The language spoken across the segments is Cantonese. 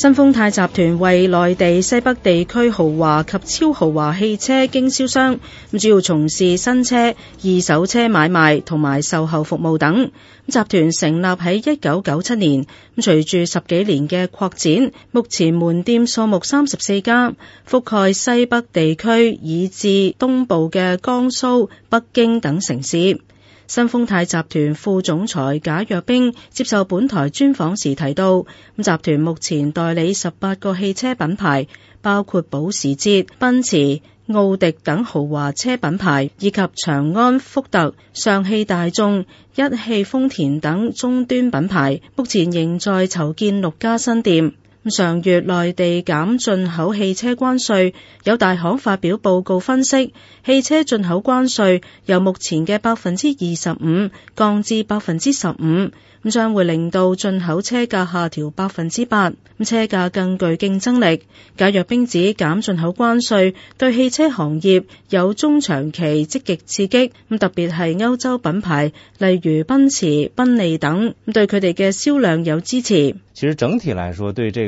新豐泰集團為內地西北地區豪華及超豪華汽車經銷商，主要從事新車、二手車買賣同埋售後服務等。集團成立喺一九九七年，咁隨住十幾年嘅擴展，目前門店數目三十四家，覆蓋西北地區以至東部嘅江蘇、北京等城市。新豐泰集團副總裁賈若冰接受本台專訪時提到，咁集團目前代理十八個汽車品牌，包括保時捷、奔馳、奧迪等豪華車品牌，以及長安福特、上汽大眾、一汽豐田等中端品牌。目前仍在籌建六家新店。上月內地減進口汽車關稅，有大行發表報告分析，汽車進口關稅由目前嘅百分之二十五降至百分之十五，咁將會令到進口車價下調百分之八，咁車價更具競爭力。賈若冰指減進口關稅對汽車行業有中長期積極刺激，咁特別係歐洲品牌，例如奔馳、賓利等，對佢哋嘅銷量有支持。其實整體來說，對這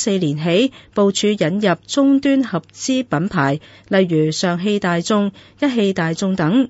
四年起，部署引入中端合資品牌，例如上汽大眾、一汽大眾等。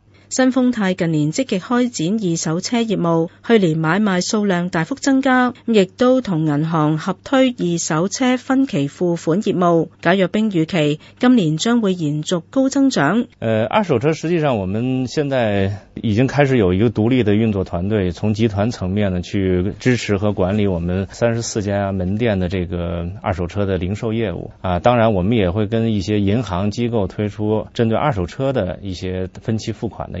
新豐泰近年積極開展二手車業務，去年買賣數量大幅增加，亦都同銀行合推二手車分期付款業務。賈若冰預期今年將會延續高增長。誒，二手車實際上我們現在已經開始有一個獨立的運作團隊，從集團層面呢去支持和管理我們三十四家門店的這個二手車的零售業務。啊，當然我們也會跟一些銀行機構推出針對二手車的一些分期付款的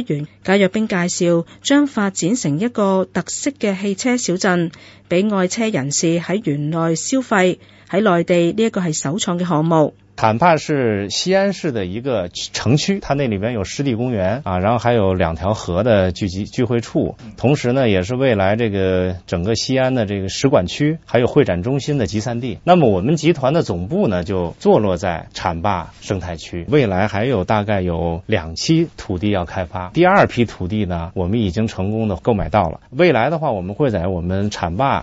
員賈若冰介紹，將發展成一個特色嘅汽車小鎮。俾愛車人士喺園內消費，喺內地呢一個係首創嘅項目。滻灞是西安市的一個城區，它那裏邊有濕地公園啊，然後還有兩條河的聚集聚會處。同時呢，也是未來這個整個西安的這個使館區，還有會展中心的集散地。那麼我們集團的總部呢，就坐落在滻灞生態區。未來還有大概有兩期土地要開發，第二批土地呢，我們已經成功的購買到了。未來的話，我們會在我們滻灞。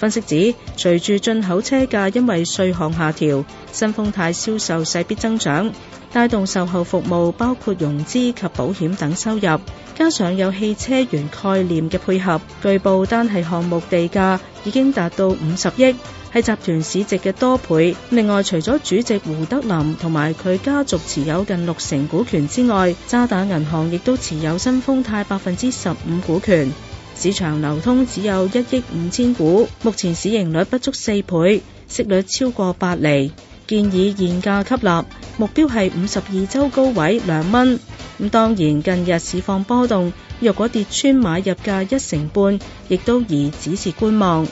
分析指，隨住進口車價因為稅項下調，新豐泰銷售勢必增長，帶動售後服務包括融資及保險等收入。加上有汽車元概念嘅配合，據報單係項目地價已經達到五十億，係集團市值嘅多倍。另外，除咗主席胡德林同埋佢家族持有近六成股權之外，渣打銀行亦都持有新豐泰百分之十五股權。市場流通只有一億五千股，目前市盈率不足四倍，息率超過八厘。建議現價吸納，目標係五十二周高位兩蚊。咁當然近日市況波動，若果跌穿買入價一成半，亦都宜止蝕觀望。